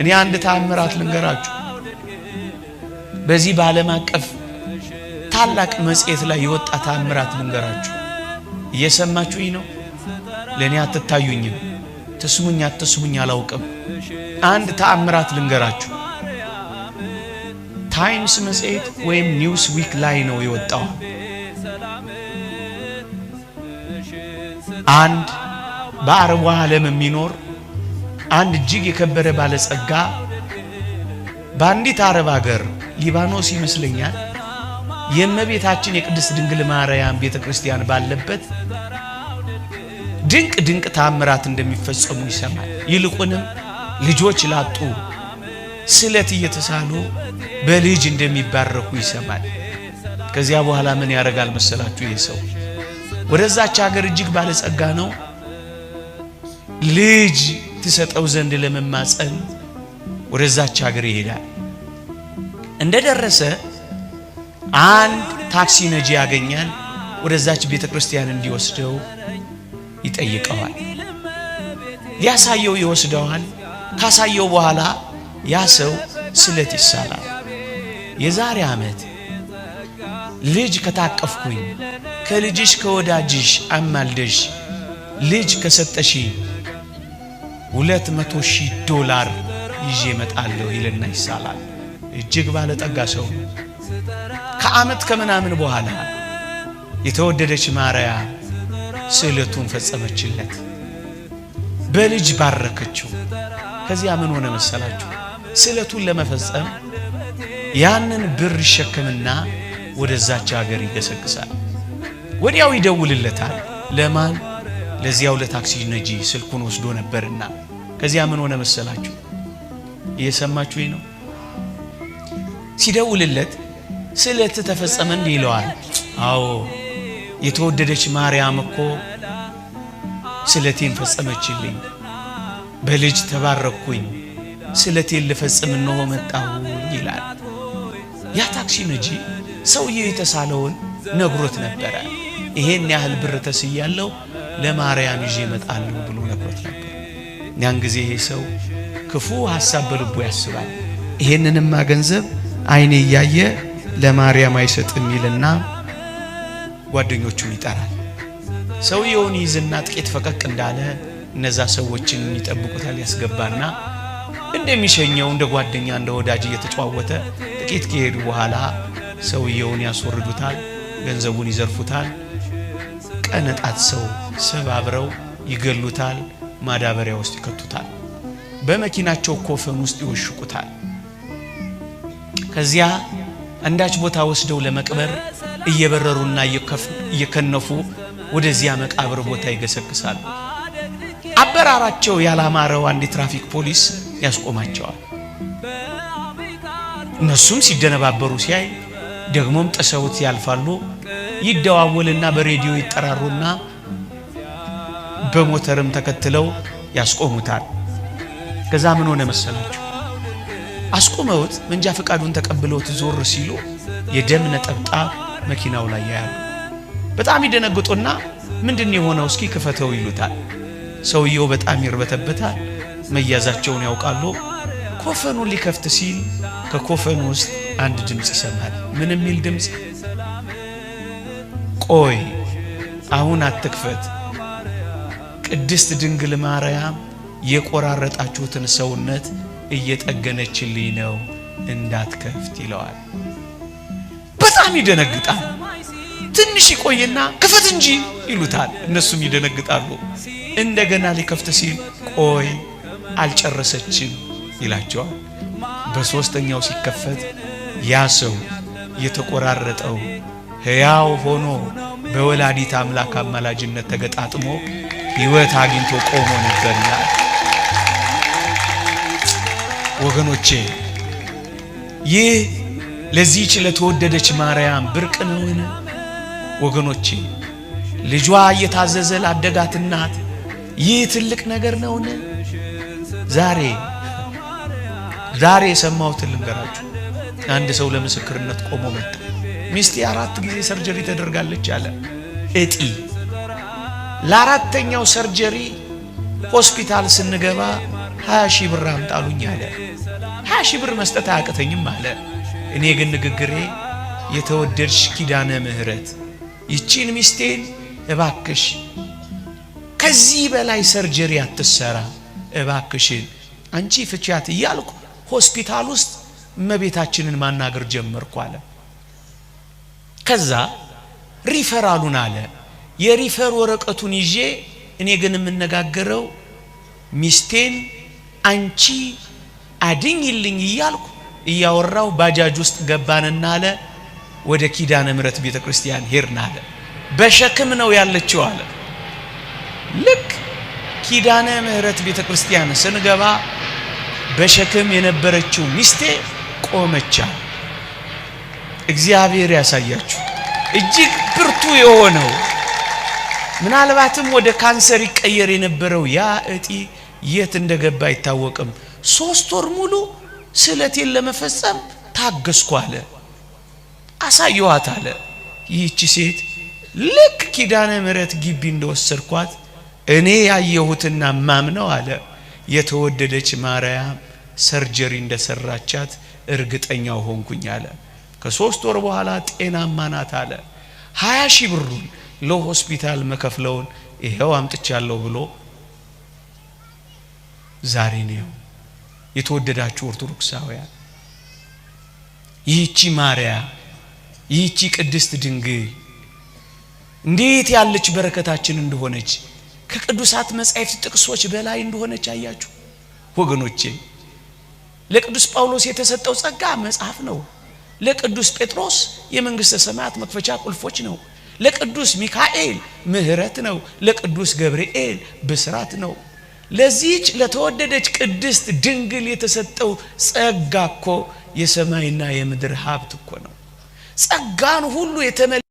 እኔ አንድ ታምራት ልንገራችሁ። በዚህ በዓለም አቀፍ ታላቅ መጽሔት ላይ የወጣ ታምራት ልንገራችሁ። እየሰማችሁኝ ነው? ለእኔ አትታዩኝም፣ ትስሙኝ አትስሙኝ አላውቅም። አንድ ተአምራት ልንገራችሁ። ታይምስ መጽሔት ወይም ኒውስ ዊክ ላይ ነው የወጣው። አንድ በአረቡ ዓለም የሚኖር አንድ እጅግ የከበረ ባለጸጋ በአንዲት አረብ አገር ሊባኖስ ይመስለኛል የእመቤታችን የቅድስት ድንግል ማርያም ቤተ ክርስቲያን ባለበት ድንቅ ድንቅ ታምራት እንደሚፈጸሙ ይሰማል። ይልቁንም ልጆች ላጡ ስለት እየተሳሉ በልጅ እንደሚባረኩ ይሰማል። ከዚያ በኋላ ምን ያደርጋል መሰላችሁ? ይህ ሰው ወደዛች ሀገር እጅግ ባለጸጋ ነው ልጅ ትሰጠው ዘንድ ለመማፀን ወደዛች ሀገር ይሄዳል። እንደደረሰ አንድ ታክሲ ነጂ ያገኛል። ወደዛች ቤተ ክርስቲያን እንዲወስደው ይጠይቀዋል። ሊያሳየው ይወስደዋል። ካሳየው በኋላ ያ ሰው ስለት ይሳላል። የዛሬ ዓመት ልጅ ከታቀፍኩኝ ከልጅሽ ከወዳጅሽ አማልደሽ ልጅ ከሰጠሽ ሁለት መቶ ሺህ ዶላር ይዤ ይመጣለሁ ይልና ይሳላል። እጅግ ባለጠጋ ሰው ከአመት ከዓመት ከምናምን በኋላ የተወደደች ማርያ ስዕለቱን ፈጸመችለት፣ በልጅ ባረከችው። ከዚያ ምን ሆነ መሰላችሁ? ስዕለቱን ለመፈጸም ያንን ብር ይሸከምና ወደዛች ሀገር ይገሰግሳል። ወዲያው ይደውልለታል። ለማን? ለዚያው ለታክሲ ነጂ ስልኩን ወስዶ ነበርና ከዚያ ምን ሆነ መሰላችሁ? እየሰማችሁኝ ነው። ሲደውልለት ስለት ተፈጸመ እንዲህ ይለዋል። አዎ የተወደደች ማርያም እኮ ስለቴን ፈጸመችልኝ፣ በልጅ ተባረኩኝ፣ ስለቴን ልፈጽም እንሆ መጣሁኝ ይላል። ያ ታክሲ ነጂ ሰውየው የተሳለውን ነግሮት ነበረ። ይሄን ያህል ብር ተስያለው ለማርያም ይዤ እመጣለሁ ብሎ ነግሮት ነበር። ያን ጊዜ ይሄ ሰው ክፉ ሐሳብ በልቡ ያስባል። ይሄንንማ ገንዘብ አይኔ እያየ ለማርያም አይሰጥም ይልና ጓደኞቹን ይጠራል። ሰውየውን ይዝና ጥቂት ፈቀቅ እንዳለ እነዛ ሰዎችን ይጠብቁታል። ያስገባና እንደሚሸኘው እንደ ጓደኛ እንደ ወዳጅ እየተጫወተ ጥቂት ከሄዱ በኋላ ሰውየውን ያስወርዱታል። ገንዘቡን ይዘርፉታል። ቀነጣት ሰው ሰባብረው ይገሉታል። ማዳበሪያ ውስጥ ይከቱታል። በመኪናቸው ኮፈን ውስጥ ይወሽቁታል። ከዚያ አንዳች ቦታ ወስደው ለመቅበር እየበረሩና እየከነፉ ወደዚያ መቃብር ቦታ ይገሰግሳሉ። አበራራቸው ያላማረው አንድ የትራፊክ ፖሊስ ያስቆማቸዋል። እነሱም ሲደነባበሩ ሲያይ ደግሞም ጥሰውት ያልፋሉ። ይደዋወልና በሬዲዮ ይጠራሩና በሞተርም ተከትለው ያስቆሙታል። ከዛ ምን ሆነ መሰላችሁ? አስቆመውት መንጃ ፈቃዱን ተቀብለውት ዞር ሲሉ የደም ነጠብጣብ መኪናው ላይ ያያሉ። በጣም ይደነግጡና ምንድን የሆነው እስኪ ክፈተው ይሉታል። ሰውየው በጣም ይርበተበታል። መያዛቸውን ያውቃሉ። ኮፈኑን ሊከፍት ሲል ከኮፈኑ ውስጥ አንድ ድምፅ ይሰማል። ምን የሚል ድምፅ? ቆይ አሁን አትክፈት ቅድስት ድንግል ማርያም የቆራረጣችሁትን ሰውነት እየጠገነችልኝ ነው እንዳትከፍት ይለዋል። በጣም ይደነግጣል። ትንሽ ይቆይና ክፈት እንጂ ይሉታል። እነሱም ይደነግጣሉ። እንደገና ሊከፍት ሲል ቆይ አልጨረሰችም ይላቸዋል። በሦስተኛው ሲከፈት ያ ሰው የተቆራረጠው ሕያው ሆኖ በወላዲት አምላክ አማላጅነት ተገጣጥሞ ሕይወት አግኝቶ ቆሞ ነበር ይላል። ወገኖቼ ይህ ለዚህች ለተወደደች ማርያም ብርቅ ነውን? ወገኖቼ ልጇ እየታዘዘ ላደጋት እናት ይህ ትልቅ ነገር ነውን? ዛሬ ዛሬ የሰማሁትን ልንገራችሁ። አንድ ሰው ለምስክርነት ቆሞ መጣ። ሚስቴ አራት ጊዜ ሰርጀሪ ተደርጋለች አለ። እጢ ለአራተኛው ሰርጀሪ ሆስፒታል ስንገባ ሀያ ሺህ ብር አምጣሉኝ አለ። ሀያ ሺህ ብር መስጠት አያቅተኝም አለ። እኔ ግን ንግግሬ የተወደድሽ ኪዳነ ምሕረት ይቺን ሚስቴን እባክሽ ከዚህ በላይ ሰርጀሪ አትሰራ እባክሽን አንቺ ፍቻት እያልኩ ሆስፒታል ውስጥ እመቤታችንን ማናገር ጀመርኩ አለ። ከዛ ሪፈራሉን አለ የሪፈር ወረቀቱን ይዤ እኔ ግን የምነጋገረው ሚስቴን አንቺ አድኝልኝ እያልኩ እያወራው ባጃጅ ውስጥ ገባንና አለ ወደ ኪዳነ ምረት ቤተ ክርስቲያን ሄድን አለ። በሸክም ነው ያለችው አለ። ልክ ኪዳነ ምህረት ቤተ ክርስቲያን ስንገባ በሸክም የነበረችው ሚስቴ ቆመቻ እግዚአብሔር ያሳያችሁ እጅግ ብርቱ የሆነው ምናልባትም ወደ ካንሰር ይቀየር የነበረው ያ እጢ የት እንደገባ አይታወቅም። ሶስት ወር ሙሉ ስለቴን ለመፈጸም ታገስኩ አለ። አሳየኋት አለ። ይህቺ ሴት ልክ ኪዳነ ምሕረት ግቢ እንደወሰድኳት እኔ ያየሁትና ማምነው አለ የተወደደች ማርያም ሰርጀሪ እንደሰራቻት እርግጠኛው ሆንኩኝ አለ። ከሶስት ወር በኋላ ጤናማ ናት አለ። ሀያ ሺህ ብሩን ለሆስፒታል መከፍለውን ይኸው አምጥቻለሁ ብሎ ዛሬ ነው። የተወደዳችሁ ኦርቶዶክሳውያን ይህቺ ማርያ ይህቺ ቅድስት ድንግል እንዴት ያለች በረከታችን እንደሆነች ከቅዱሳት መጻሕፍት ጥቅሶች በላይ እንደሆነች አያችሁ ወገኖቼ። ለቅዱስ ጳውሎስ የተሰጠው ጸጋ መጽሐፍ ነው። ለቅዱስ ጴጥሮስ የመንግሥተ ሰማያት መክፈቻ ቁልፎች ነው። ለቅዱስ ሚካኤል ምህረት ነው። ለቅዱስ ገብርኤል ብስራት ነው። ለዚች ለተወደደች ቅድስት ድንግል የተሰጠው ጸጋ እኮ የሰማይና የምድር ሀብት እኮ ነው። ጸጋን ሁሉ የተመ